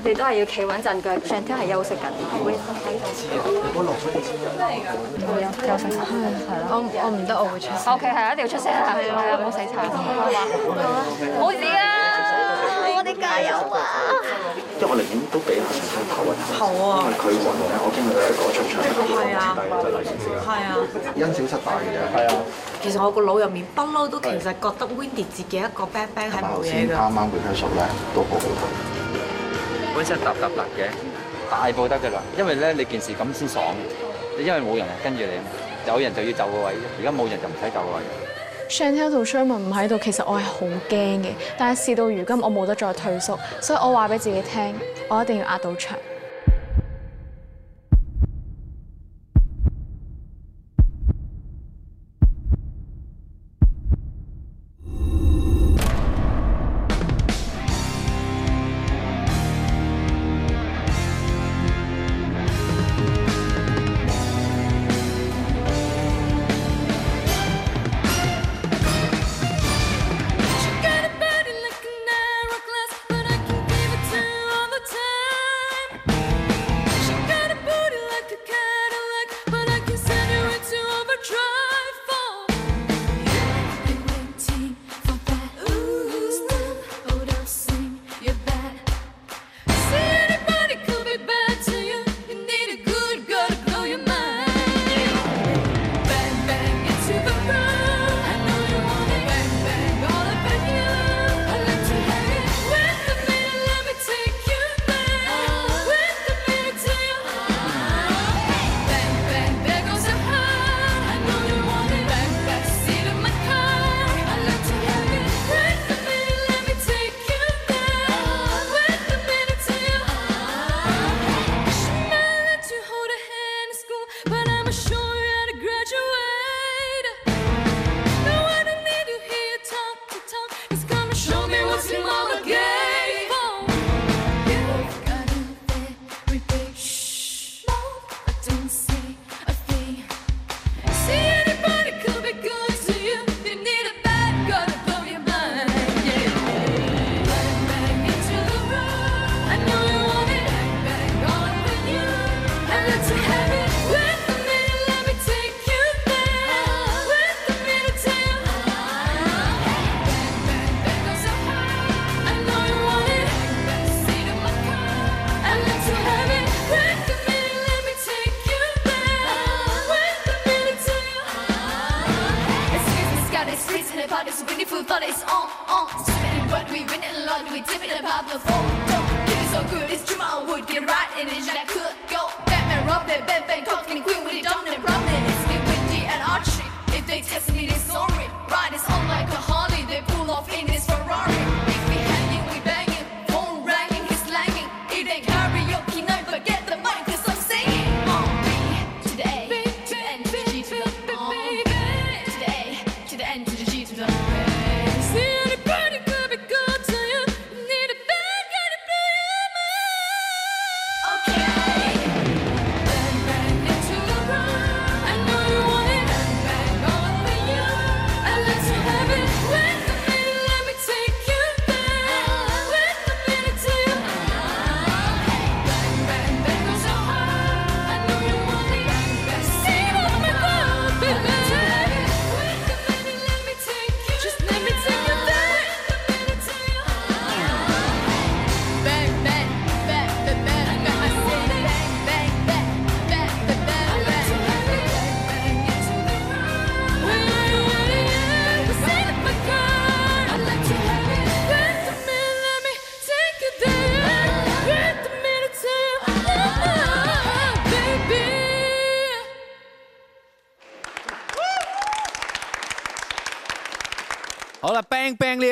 我哋都係要企穩陣嘅上天係休息緊。我落去啲錢真係我休息下。係我我唔得，我會出。OK，係一定要出聲啊！係啊，
唔好洗擦。好啊。
冇事啊。我哋加油啊！因為我寧願
都俾下頭啊。啊！因為佢揾嘅，我今日第一個出場。係啊。因小失
大嘅係啊。
其實我個腦入面不嬲都其實覺得 Wendy 自己一個 bad band 係冇
嘢，啱啱佢出咧，都好。
揾出揼揼揼嘅大部得㗎啦，因為呢你件事咁先爽，你因為冇人跟住你，有人就要走個位置，而家冇人就唔使走個位。
Chantel 同 Sherman 唔喺度，其實我係好驚嘅，但係事到如今我冇得再退縮，所以我話俾自己聽，我一定要壓到場。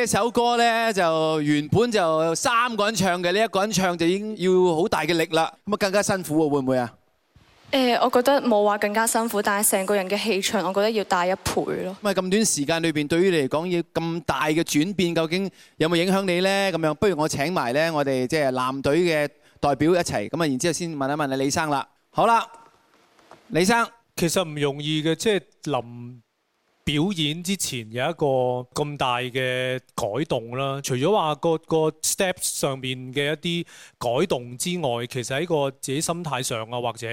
首歌咧，就原本就三個人唱嘅，呢一個人唱就已經要好大嘅力啦，咁啊更加辛苦喎，會唔會啊？
誒，我覺得冇話更加辛苦，但係成個人嘅氣場，我覺得要大一倍咯。
咁啊，咁短時間裏邊，對於你嚟講要咁大嘅轉變，究竟有冇影響你咧？咁樣，不如我請埋咧我哋即係藍隊嘅代表一齊，咁啊，然之後先問一問你李生啦。好啦，
李生，其實唔容易嘅，即係林。表演之前有一個咁大嘅改動啦，除咗話個個 steps 上面嘅一啲改動之外，其實喺個自己心態上啊，或者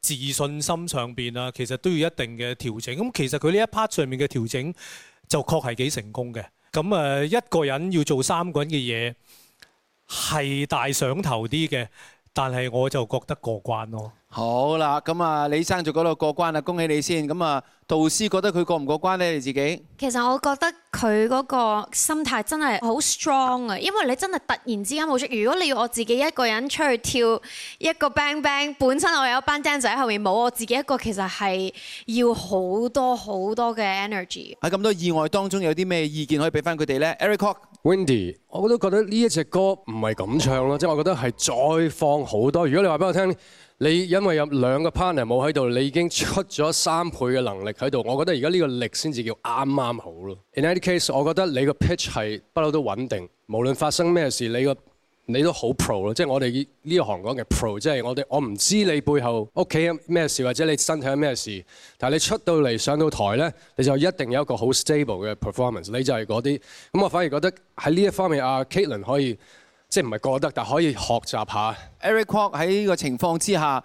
自信心上邊啊，其實都要一定嘅調整。咁其實佢呢一 part 上面嘅調整就確係幾成功嘅。咁誒，一個人要做三個人嘅嘢係大上頭啲嘅，但係我就覺得過關咯。
好啦，咁啊，李生就嗰度過關啦，恭喜你先。咁啊，導師覺得佢過唔過關咧？你自己，其實我覺得
佢嗰個心態真係好 strong 啊，因為你真係突然之間冇出。如果你要我自己一個人出去跳一個 bang bang，本身我有一班 dancer 喺後面，冇我自己一個，其實係要好多好多嘅 energy。
喺咁多意外當中，有啲
咩意見可以俾翻佢哋咧？Eric Kwok，Windy，我都覺得呢一隻歌唔係咁唱咯，即係我覺得係再放好多。如果你話俾我聽。你因為有兩個 partner 冇喺度，你已經出咗三倍嘅能力喺度。我覺得而家呢個力先至叫啱啱好咯。In any case，我覺得你個 pitch 係不嬲都穩定。無論發生咩事，你個你都好 pro 咯。即係我哋呢個行講嘅 pro，即係我哋我唔知你背後屋企有咩事，或者你身體有咩事，但係你出到嚟上到台咧，你就一定有一個好 stable 嘅 performance。你就係嗰啲。咁我反而覺得喺呢一方面，阿 Caitlyn 可以。即係唔係過得，但係可以學習下。Eric Kwok，喺呢個情況之下，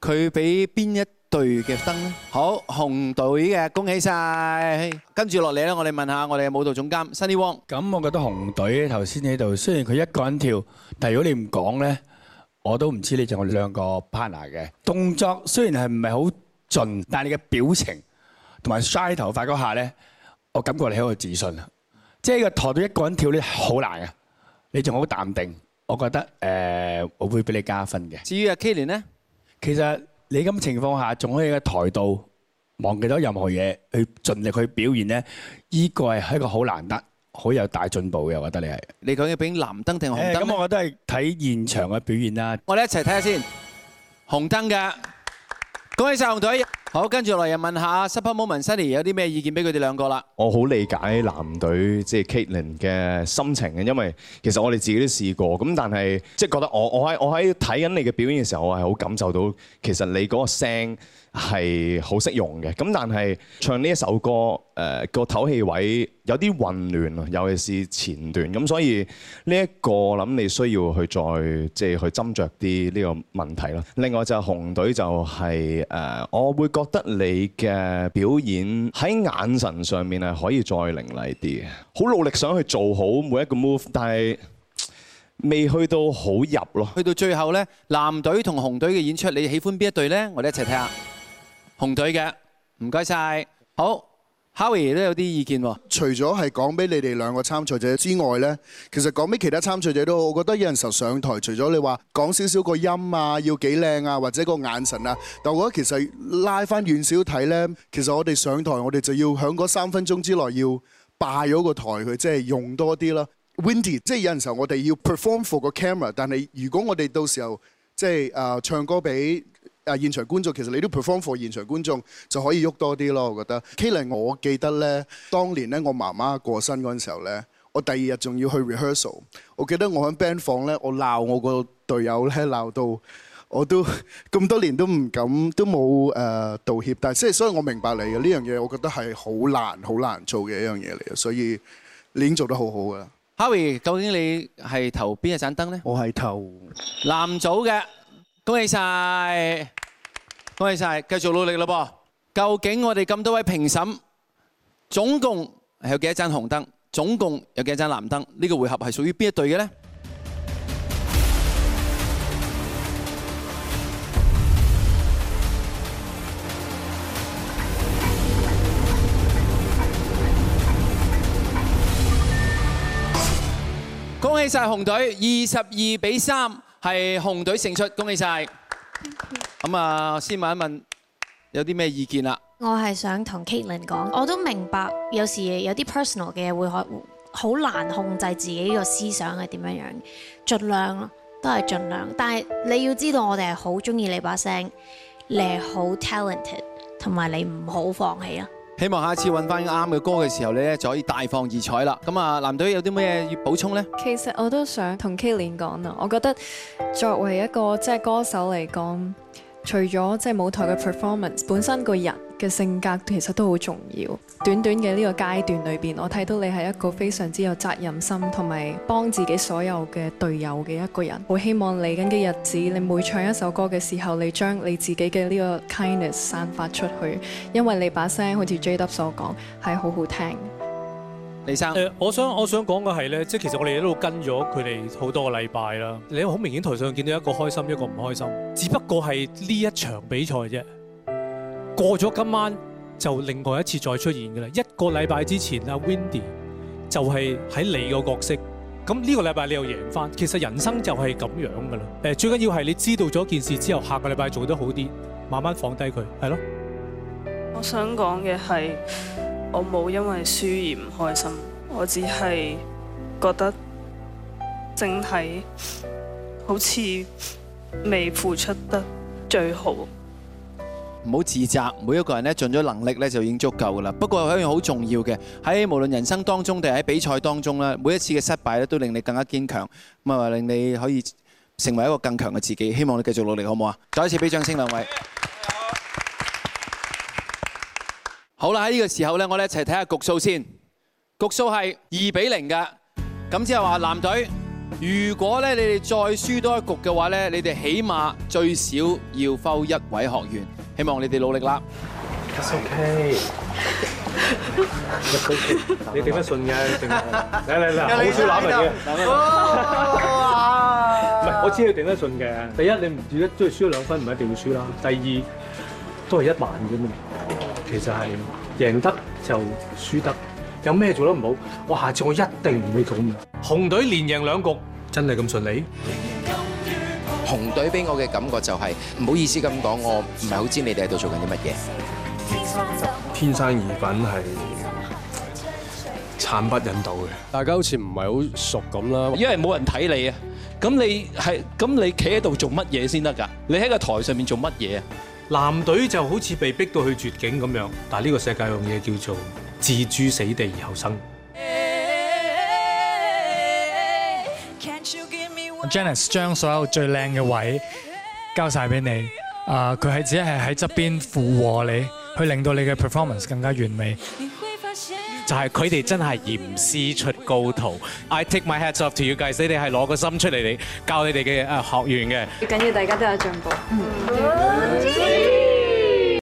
佢俾邊一隊
嘅燈咧？好，紅隊嘅，恭喜晒！跟住落嚟咧，我哋問下我哋嘅舞
蹈總監 Sunny Wong。咁我覺得紅隊頭先喺度，雖然佢一個人跳，但係如果你唔講咧，我都唔知你仲有兩個 partner 嘅動作。雖然係唔係好盡，但係你嘅表情同埋甩頭髮嗰下咧，我感覺你喺度自信啊！即係佢台度一個人跳咧，好難嘅。你仲好淡定，我覺得誒，我會俾你加分嘅。至於阿 Kaline 咧，其實你咁情況下仲可以喺台度忘記咗任何嘢，去盡力去表現咧，依個係一個好難得、好有大進步嘅，我覺得你係。
你究竟俾藍燈定紅燈咧？咁我都係睇現場嘅表現啦。我哋一齊睇下先，紅燈㗎，恭喜晒紅隊！好，跟住落嚟又問下 Super Moment Sunny 有啲咩意見俾佢哋兩個啦？
我好理解藍隊即係 Kaden 嘅心情嘅，因為其實我哋自己都試過咁，但係即係覺得我我喺我喺睇緊你嘅表演嘅時候，我係好感受到其實你嗰個聲係好識用嘅。咁但係唱呢一首歌，誒個唞氣位有啲混亂啊，尤其是前段咁，所以呢一個諗你需要去再即係去斟酌啲呢個問題啦。另外就係紅隊就係誒，我會覺覺得你嘅表演喺眼神上面係可以再凌厲啲，好努力想去做好每一個 move，但係未去到好入
咯。去到最後咧，藍隊同紅隊嘅演出，你喜歡邊一隊咧？我哋一齊睇下紅隊嘅，唔該晒，好。哈維都有啲意見喎。除咗係
講俾你哋兩個參賽者之外呢，其實講俾其他參賽者都好。我覺得有陣時候上台，除咗你話講少少個音啊，要幾靚啊，或者個眼神啊，但我覺得其實拉翻遠少睇呢，其實我哋上台我哋就要響嗰三分鐘之內要霸咗個台佢，即係用多啲啦。Windy，即係有陣時候我哋要 perform for 個 camera，但係如果我哋到時候即係誒唱歌俾。啊！現場觀眾其實你都 perform for 現場觀眾就可以喐多啲咯，我覺得。Kelly，我記得咧，當年咧我媽媽過身嗰陣時候咧，我第二日仲要去 rehearsal。我記得我喺 band 房咧，我鬧我個隊友咧，鬧到我都咁多年都唔敢都冇誒道歉。但係即係所以我明白你嘅呢樣嘢，我覺得係好難好難做嘅一樣嘢嚟嘅，所以
你已經做得好好噶啦。Harry，究竟你係投邊一盞燈咧？我係投藍組嘅，恭喜晒！恭喜晒，繼續努力咯噃！究竟我哋咁多位評審，總共係有幾多盞紅燈？總共有幾多盞藍燈？呢個回合係屬於邊一隊嘅呢？恭喜晒紅隊，二十二比三係紅隊勝出，恭喜晒！咁啊，先問一問有啲咩意見啦？
我係想同 Katelyn 講，我都明白有時有啲 personal 嘅嘢會好難控制自己個思想係點樣樣，盡量都係盡量，盡量。但係你要知道，我哋係好中意你把聲，你係好 talented，同埋你唔好放棄啊！
希望下一次揾翻啱嘅歌嘅時候，你就可以大放異彩啦！咁啊，藍隊有啲咩要補充呢？
其實我都想同 Kilian 講啊，我覺得作為一個即係歌手嚟講。除咗即係舞台嘅 performance，本身個人嘅性格其實都好重要。短短嘅呢個階段裏面，我睇到你係一個非常之有責任心同埋幫自己所有嘅隊友嘅一個人。好希望嚟緊嘅日子，你每唱一首歌嘅時候，你將你自己嘅呢個 kindness 散發出去，因為你把聲好似 JW 所講，係好好聽。
李
生，誒，我想我想講嘅係咧，即係其實我哋一路跟咗佢哋好多個禮拜啦。你好明顯台上見到一個開心，一個唔開心。只不過係呢一場比賽啫。過咗今晚就另外一次再出現㗎喇。一個禮拜之前阿 Windy 就係喺你個角色，咁呢個禮拜你又贏返。其實人生就係咁樣㗎喇。誒，最緊要係你知道咗件事之後，下個禮拜做得好啲，慢慢放低佢，係囉。
我想講嘅係。我冇因為輸而唔開心，我只係覺得整體好似未付出得最好。
唔好自責，每一個人咧盡咗能力咧就已經足夠噶啦。不過有一樣好重要嘅，喺無論人生當中定係喺比賽當中，每一次嘅失敗咧都令你更加堅強，咁啊，令你可以成為一個更強嘅自己。希望你繼續努力，好唔好啊？再一次俾掌聲兩位。好啦，喺呢個時候咧，我哋一齊睇下局數先。局數係二比零嘅，咁即係話藍隊如果咧你哋再輸多一局嘅話咧，你哋起碼最少要封一位學員。希望你哋努力啦。
佢係 OK，你頂得順
嘅，頂嚟嚟嚟，好少攬嘅。哇！唔係，我知你頂得順嘅。第一，你唔止一，最多輸兩分，唔係一定要輸啦。第二，都係一萬啫嘛。其實係贏得就輸得，有咩做得唔好？我下次我一定唔會咁樣。紅隊連贏兩局，真係咁順利？
紅隊俾我嘅感覺就係唔好意思咁講，我唔係好知你哋喺度做緊啲乜嘢。
天生異品係慘不忍睹嘅。大家好似唔係好熟咁啦，因為冇人睇你啊。咁你係
咁你企喺度做乜嘢先得㗎？你喺個台上面做乜嘢啊？男隊就好似被逼到去絕境咁樣，但呢個世界有樣嘢叫做置諸死地而後生。
Hey, Janice 將所有最靚嘅位交曬俾你，啊、呃，佢係只係喺側邊附和
你，去令到你嘅 performance 更加完美。
就係佢哋真係嚴師出高徒，I take my hats off to you guys，你哋係攞個心出嚟嚟教你哋嘅誒學員嘅，
最緊要大家都有進步。